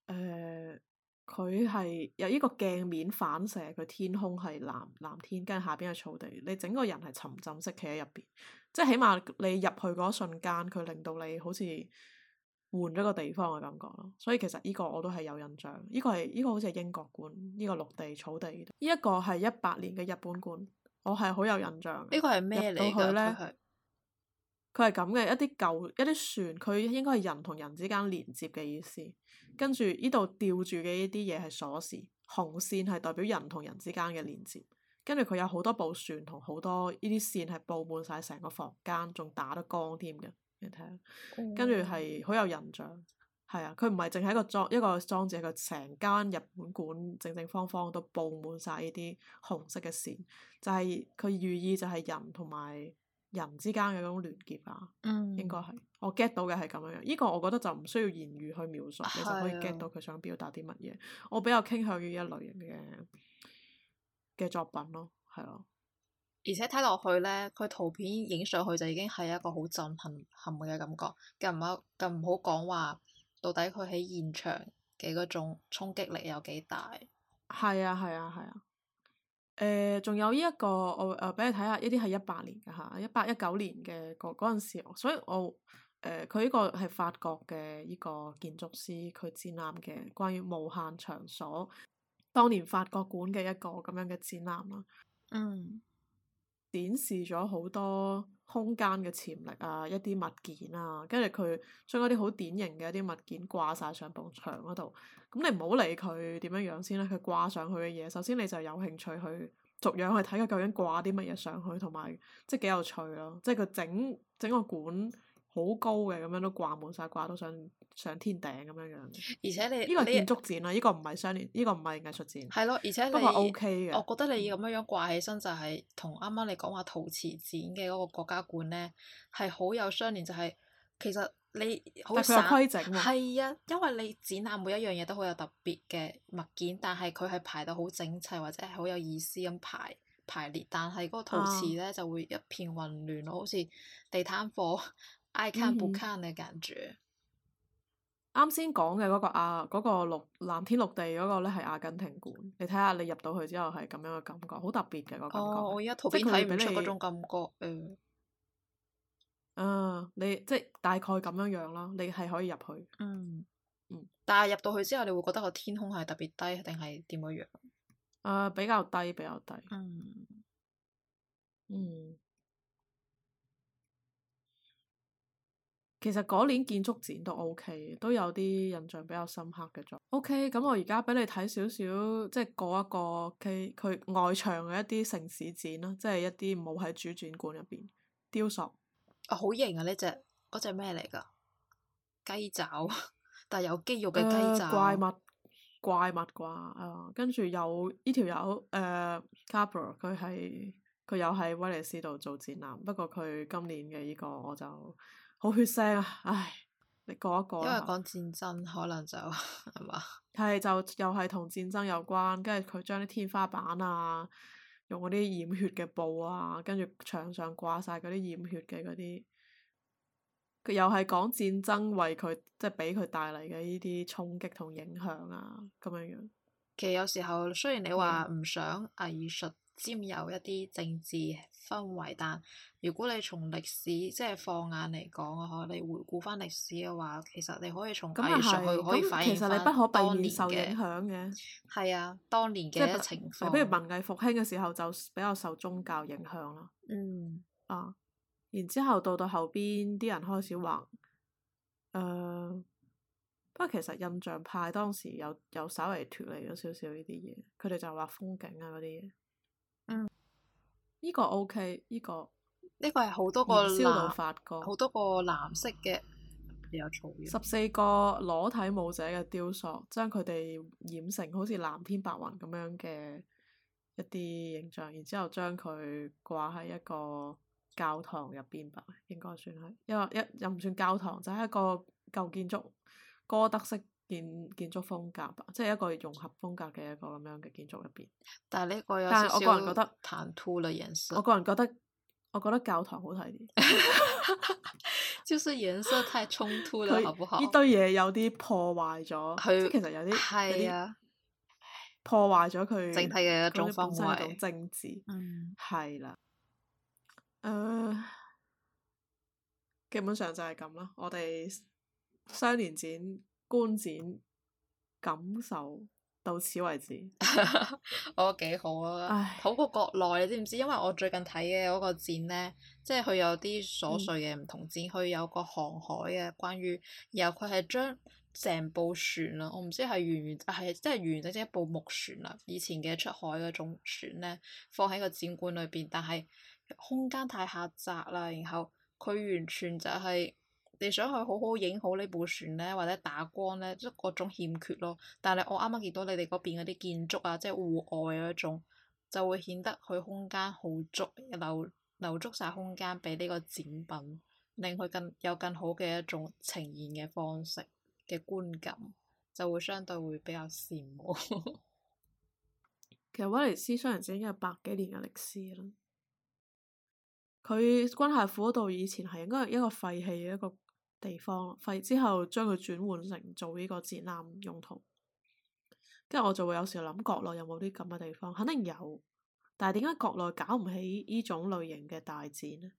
呃，佢係有依個鏡面反射，佢天空係藍藍天，跟住下邊係草地，你整個人係沉浸式企喺入邊，即係起碼你入去嗰一瞬間，佢令到你好似。換咗個地方嘅感覺咯，所以其實呢個我都係有印象。呢、呢個係呢、呢個好似係英國館，呢、呢個綠地草地。呢、呢、一個係一百年嘅日本館，我係好有印象。呢個係咩嚟㗎？入到去咧，佢係咁嘅，一啲舊一啲船，佢應該係人同人之間連接嘅意思。跟住呢度吊住嘅呢啲嘢係鎖匙，紅線係代表人同人之間嘅連接。跟住佢有好多部船同好多呢啲線係佈滿晒成個房間，仲打得光添嘅。嗯、跟住係好有印象，係啊，佢唔係淨係一個裝一個裝置，佢成間日本館正正方方都布滿晒呢啲紅色嘅線，就係、係、佢寓意就係人同埋人之間嘅嗰種聯結啊，嗯、應該係我 get 到嘅係咁樣樣，呢、呢個我覺得就唔需要言語去描述，你就可以 get 到佢想表達啲乜嘢。的我比較傾向於一類型嘅嘅作品咯，係咯。而且睇落去咧，佢圖片影上去就已經係一個好震撼撼嘅感覺，更唔好咁唔好講話到底佢喺現場嘅嗰種衝擊力有幾大？係啊，係啊，係啊！誒、呃，仲有呢、呢個呃、一個我誒俾你睇下，呢啲係一八年㗎吓，一八一九年嘅嗰嗰陣時，所以我誒佢呢個係法國嘅呢個建築師佢展覽嘅關於無限場所，當年法國館嘅一個咁樣嘅展覽啦。嗯。展示咗好多空間嘅潛力啊，一啲物件啊，跟住佢將嗰啲好典型嘅一啲物件掛晒上埲牆嗰度。咁你唔好理佢點樣樣先啦，佢掛上去嘅嘢，首先你就有興趣去逐樣去睇佢究竟掛啲乜嘢上去，同埋即係幾有趣咯，即係佢整整個館。好高嘅咁樣都掛滿晒，掛到上上天頂咁樣樣。而且你呢個係建築展啊，呢個唔係相連，呢個唔係藝術展。係咯，而且都係 OK 嘅。我覺得你咁樣樣掛起身就係同啱啱你講話陶瓷展嘅嗰個國家館呢，係好有相連，就係、是、其實你好規整。係啊，因為你展覽每一樣嘢都好有特別嘅物件，但係佢係排到好整齊或者係好有意思咁排排列，但係嗰個陶瓷呢，嗯、就會一片混亂咯，好似地攤貨。愛看不看嘅感覺，啱先講嘅嗰個亞、啊嗰個綠藍天綠地嗰個呢，係阿根廷館，你睇下你入到去之後係咁樣嘅感覺，好特別嘅個感覺。我依家圖片睇唔出嗰種感覺嗯，啊、嗯，你即係大概咁樣樣啦，你係可以入去。嗯。嗯。但係入到去之後，你會覺得個天空係特別低，定係點嘅樣？啊、呃，比較低，比較低。嗯。嗯。其實嗰年建築展都 O、OK、K，都有啲印象比較深刻嘅作。O K，咁我而家俾你睇少少，即係過一個佢佢外牆嘅一啲城市展啦，即係一啲冇喺主展館入邊雕塑。哦、啊，好型啊！呢隻嗰隻咩嚟噶？雞爪， 但係有肌肉嘅雞爪。呃、怪物、怪物啩？啊、呃，跟住有呢條友誒，Capra，佢係佢有喺威尼斯度做展覽，不過佢今年嘅呢個我就。冇血腥啊！唉，你過一過一下。因為講戰爭，可能就係嘛？係 吧就又係同戰爭有關，跟住佢將啲天花板啊，用嗰啲染血嘅布啊，跟住牆上掛晒嗰啲染血嘅嗰啲。佢又係講戰爭為佢即係俾佢帶嚟嘅呢啲衝擊同影響啊，咁樣樣。其實有時候雖然你話唔想藝術。佔有一啲政治氛圍，但如果你從歷史即係放眼嚟講啊，可你回顧翻歷史嘅話，其實你可以從藝術去可，其實你不可避免受影響當嘅。係啊，當年嘅情況。譬如文藝復興嘅時候，就比較受宗教影響啦。嗯。啊！然之後到到後邊啲人開始畫，誒、呃，不過其實印象派當時又又稍微脫離咗少少呢啲嘢，佢哋就畫風景啊嗰啲嘢。嗯，呢個 OK，呢個呢個係好多個燒腦法藍，好多個藍色嘅，有草藥，十四個裸體舞者嘅雕塑，將佢哋染成好似藍天白雲咁樣嘅一啲形象，然之後將佢掛喺一個教堂入邊吧，應該算係，因為一又唔算教堂，就係一個舊建築哥德式。建建築風格啊，即係一個融合風格嘅一個咁樣嘅建築入邊。但呢係我個人覺得，我個人覺得，我覺得教堂好睇啲。就算顏色太衝突啦，呢堆嘢有啲破壞咗，其實有啲係啊，破壞咗佢整體嘅一種風格，一種精緻。嗯，係啦。基本上就係咁啦。我哋雙年展。觀展感受到此為止， 我覺得幾好啊！好唉過國內你知唔知？因為我最近睇嘅嗰個展呢，即係佢有啲瑣碎嘅唔同展，佢、嗯、有個航海嘅關於，然後佢係將成部船啊，我唔知係完完，係即係完完整整一部木船啊。以前嘅出海嗰種船呢，放喺個展館裏邊，但係空間太狹窄啦，然後佢完全就係、是。你想去好好影好呢部船呢，或者打光呢，即係各種欠缺咯。但係我啱啱見到你哋嗰邊嗰啲建築啊，即係戶外嗰種，就會顯得佢空間好足，留留足晒空間俾呢個展品，令佢更有更好嘅一種呈現嘅方式嘅觀感，就會相對會比較羨慕。 其實威尼斯雙年展整咗百幾年嘅歷史啦，佢軍械庫嗰度以前係應該係一個廢棄嘅一個。地方廢，之後將佢轉換成做呢個展覽用途，跟住我就會有時諗國內有冇啲咁嘅地方，肯定有，但係點解國內搞唔起呢種類型嘅大展呢？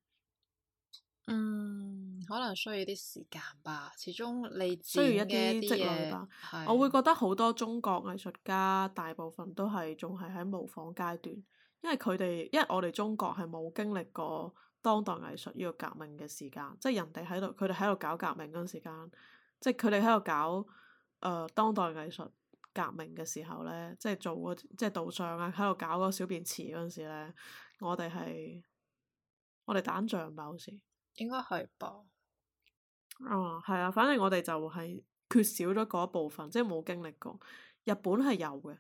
嗯，可能需要啲時間吧，始終你需要一啲積累吧。的我會覺得好多中國藝術家大部分都係仲係喺模仿階段，因為佢哋因為我哋中國係冇經歷過。當代藝術要個革命嘅時間，即係人哋喺度，佢哋喺度搞革命嗰陣時間，即係佢哋喺度搞誒、呃、當代藝術革命嘅時候咧，即係做嗰即係杜尚啊，喺度搞嗰小便池嗰陣時咧，我哋係我哋打仗吧，好似應該係吧？哦，係啊，反正我哋就係缺少咗嗰一部分，即係冇經歷過。日本係有嘅，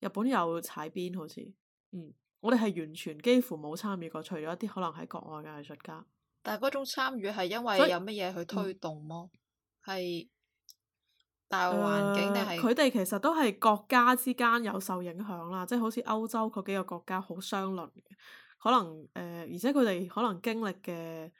日本有踩邊好似，嗯。我哋係完全幾乎冇參與過，除咗一啲可能喺國外嘅藝術家。但係嗰種參與係因為以有乜嘢去推動囉？係、嗯、大環境定係佢哋其實都係國家之間有受影響啦，即、就、係、是、好似歐洲嗰幾個國家好相鄰，可能誒、呃，而且佢哋可能經歷嘅。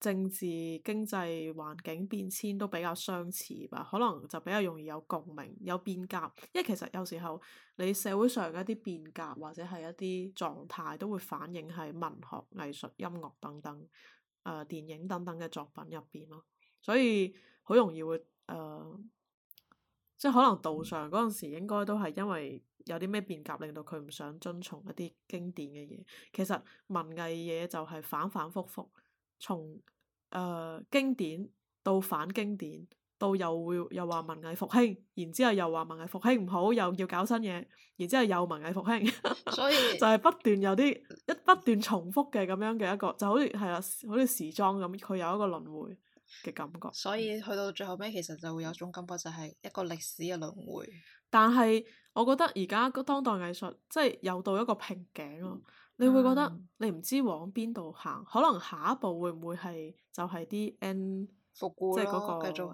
政治經濟環境變遷都比較相似吧，可能就比較容易有共鳴，有變革。因為其實有時候你社會上一啲變革或者係一啲狀態都會反映喺文學藝術音樂等等，誒、呃、電影等等嘅作品入邊咯。所以好容易會誒，呃，即係可能道上嗰陣時應該都係因為有啲咩變革，令到佢唔想遵從一啲經典嘅嘢。其實文藝嘢就係反反复复。從誒、呃、經典到反經典，到又會又話文藝復興，然之後又話文藝復興唔好，又要搞新嘢，然之後又文藝復興，所以 就係不斷有啲一不斷重複嘅咁樣嘅一個，就好似係啦，好似時裝咁，佢有一個輪回嘅感覺。所以去到最後尾，其實就會有種感覺就係、是、一個歷史嘅輪回。但係我覺得而家當代藝術即係有到一個瓶頸咯。嗯你會覺得你唔知往邊度行，可能下一步會唔會係就係、復古、啲 N 即係嗰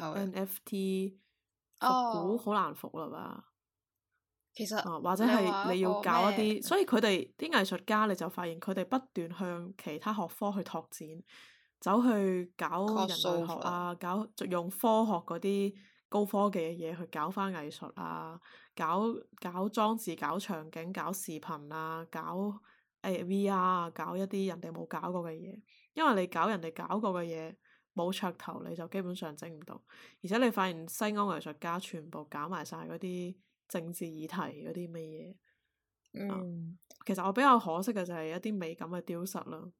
個 N F T 復古好難復啦。其實、啊、或者係你要搞一啲，所以佢哋啲藝術家你就發現佢哋不斷向其他學科去拓展，走去搞人類學啊，嗯、搞用科學嗰啲。高科技嘅嘢去搞翻藝術啊，搞搞裝置、搞場景、搞視頻啊，搞誒、呃、VR 啊，搞一啲人哋冇搞過嘅嘢。因為你搞人哋搞過嘅嘢冇噱頭，你就基本上整唔到。而且你發現西安藝術家全部搞埋晒嗰啲政治議題嗰啲咩嘢。嗯、嗯。其實我比較可惜嘅就係一啲美感嘅丟失啦。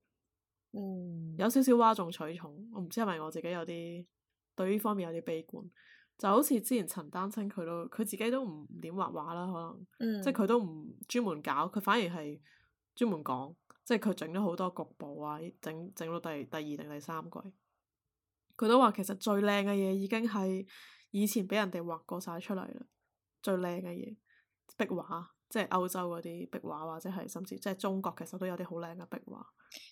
嗯。有少少嘩眾取寵，我唔知係咪我自己有啲對呢方面有啲悲觀？就好似之前陳丹青佢都佢自己都唔點畫畫啦，可能、嗯、即係佢都唔專門搞，佢反而係專門講，即係佢整咗好多局部啊，整整到第第二定第三季，佢都話其實最靚嘅嘢已經係以前俾人哋畫過晒出嚟啦，最靚嘅嘢壁畫，即係歐洲嗰啲壁畫，或者係甚至即係中國其實都有啲好靚嘅壁畫。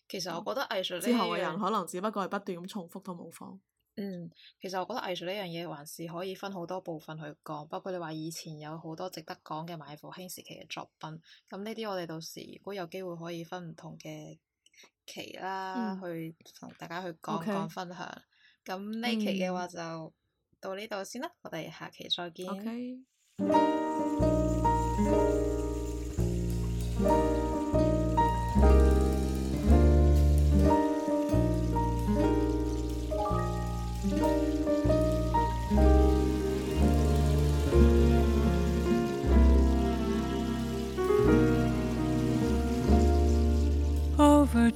其實我覺得藝術、就係嗯、之後嘅人可能只不過係不斷咁重複同模仿。嗯，其實我覺得藝術呢樣嘢還是可以分好多部分去講，包括你話以前有好多值得講嘅文藝復興時期嘅作品，咁呢啲我哋到時如果有機會可以分唔同嘅期啦，嗯、去同大家去講講 okay, 分享。咁呢期嘅話就到呢度先啦，嗯、我哋下期再見。Okay.